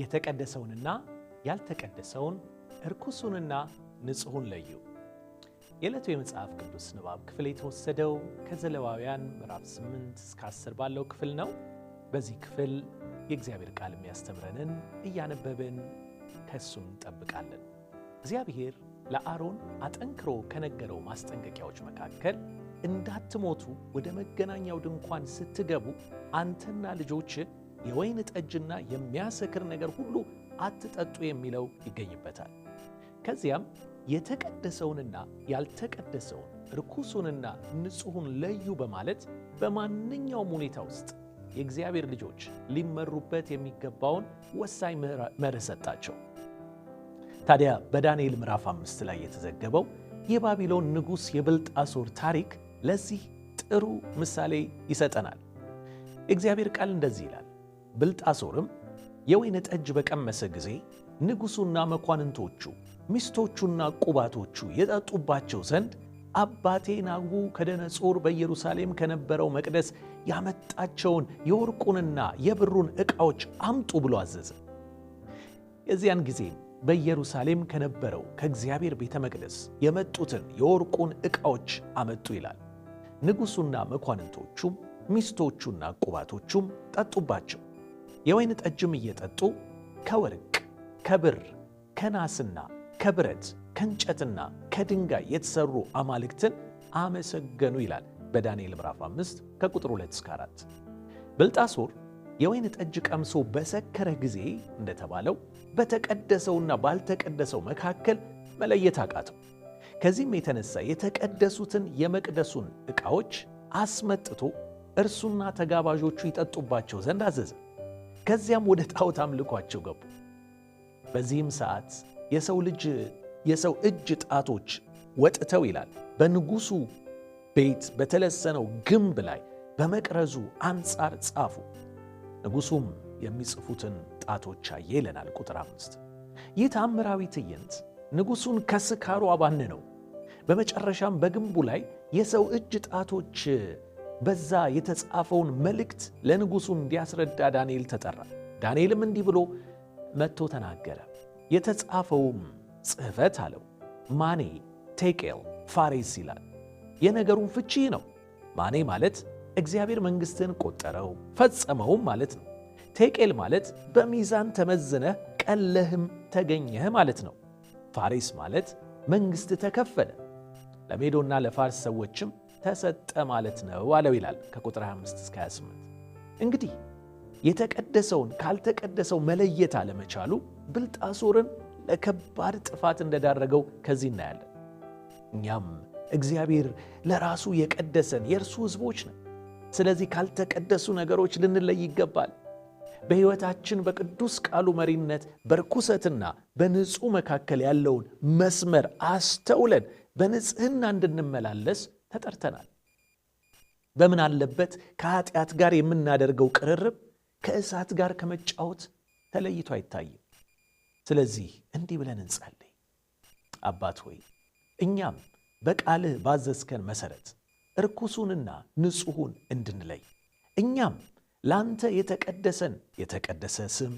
የተቀደሰውንና ያልተቀደሰውን እርኩሱንና ንጹሑን ለዩ። የዕለቱ የመጽሐፍ ቅዱስ ንባብ ክፍል የተወሰደው ከዘሌዋውያን ምዕራፍ 8 እስከ 10 ባለው ክፍል ነው። በዚህ ክፍል የእግዚአብሔር ቃል የሚያስተምረንን እያነበብን ከእሱም እንጠብቃለን። እግዚአብሔር ለአሮን አጠንክሮ ከነገረው ማስጠንቀቂያዎች መካከል እንዳትሞቱ ወደ መገናኛው ድንኳን ስትገቡ አንተና ልጆችህ የወይን ጠጅና የሚያሰክር ነገር ሁሉ አትጠጡ የሚለው ይገኝበታል። ከዚያም የተቀደሰውንና ያልተቀደሰውን ርኩሱንና ንጹሑን ለዩ በማለት በማንኛውም ሁኔታ ውስጥ የእግዚአብሔር ልጆች ሊመሩበት የሚገባውን ወሳኝ መርህ ሰጣቸው። ታዲያ በዳንኤል ምዕራፍ አምስት ላይ የተዘገበው የባቢሎን ንጉሥ የብልጣሶር ታሪክ ለዚህ ጥሩ ምሳሌ ይሰጠናል። እግዚአብሔር ቃል እንደዚህ ይላል ብልጣሶርም የወይን ጠጅ በቀመሰ ጊዜ ንጉሡና መኳንንቶቹ ሚስቶቹና ቁባቶቹ የጠጡባቸው ዘንድ አባቴ ከደነጾር በኢየሩሳሌም ከነበረው መቅደስ ያመጣቸውን የወርቁንና የብሩን ዕቃዎች አምጡ ብሎ አዘዘ። የዚያን ጊዜም በኢየሩሳሌም ከነበረው ከእግዚአብሔር ቤተ መቅደስ የመጡትን የወርቁን ዕቃዎች አመጡ ይላል። ንጉሡና መኳንንቶቹም ሚስቶቹና ቁባቶቹም ጠጡባቸው። የወይን ጠጅም እየጠጡ ከወርቅ ከብር ከናስና ከብረት ከእንጨትና ከድንጋይ የተሰሩ አማልክትን አመሰገኑ ይላል በዳንኤል ምዕራፍ 5 ከቁጥር 2 እስከ 4። ብልጣሶር የወይን ጠጅ ቀምሶ በሰከረ ጊዜ እንደተባለው በተቀደሰውና ባልተቀደሰው መካከል መለየት አቃተው። ከዚህም የተነሳ የተቀደሱትን የመቅደሱን ዕቃዎች አስመጥቶ እርሱና ተጋባዦቹ ይጠጡባቸው ዘንድ አዘዘ። ከዚያም ወደ ጣዖት አምልኳቸው ገቡ። በዚህም ሰዓት የሰው ልጅ የሰው እጅ ጣቶች ወጥተው ይላል በንጉሡ ቤት በተለሰነው ግንብ ላይ በመቅረዙ አንጻር ጻፉ። ንጉሡም የሚጽፉትን ጣቶች አየ ይለናል ቁጥር አምስት ይህ ተአምራዊ ትዕይንት ንጉሡን ከስካሩ አባን በመጨረሻም በግንቡ ላይ የሰው እጅ ጣቶች በዛ የተጻፈውን መልእክት ለንጉሱ እንዲያስረዳ ዳንኤል ተጠራ። ዳንኤልም እንዲህ ብሎ መጥቶ ተናገረ። የተጻፈውም ጽሕፈት አለው ማኔ ቴቄል ፋሬስ ይላል። የነገሩን ፍቺ ነው። ማኔ ማለት እግዚአብሔር መንግሥትን ቆጠረው ፈጸመውም ማለት ነው። ቴቄል ማለት በሚዛን ተመዝነህ ቀለህም ተገኘህ ማለት ነው። ፋሬስ ማለት መንግሥት ተከፈለ። ለሜዶና ለፋርስ ሰዎችም ተሰጠ ማለት ነው አለው ይላል ከቁጥር 25 እስከ 28። እንግዲህ የተቀደሰውን ካልተቀደሰው መለየት አለመቻሉ ብልጣሶርን ለከባድ ጥፋት እንደዳረገው ከዚህ እናያለን። እኛም እግዚአብሔር ለራሱ የቀደሰን የእርሱ ሕዝቦች ነው። ስለዚህ ካልተቀደሱ ነገሮች ልንለይ ይገባል። በሕይወታችን በቅዱስ ቃሉ መሪነት በርኩሰትና በንጹሕ መካከል ያለውን መስመር አስተውለን በንጽህና እንድንመላለስ ተጠርተናል። በምን አለበት ከኃጢአት ጋር የምናደርገው ቅርርብ ከእሳት ጋር ከመጫወት ተለይቶ አይታይም። ስለዚህ እንዲህ ብለን እንጸልይ። አባት ሆይ እኛም በቃልህ ባዘዝከን መሠረት እርኩሱንና ንጹሑን እንድንለይ እኛም ላንተ የተቀደሰን የተቀደሰ ስም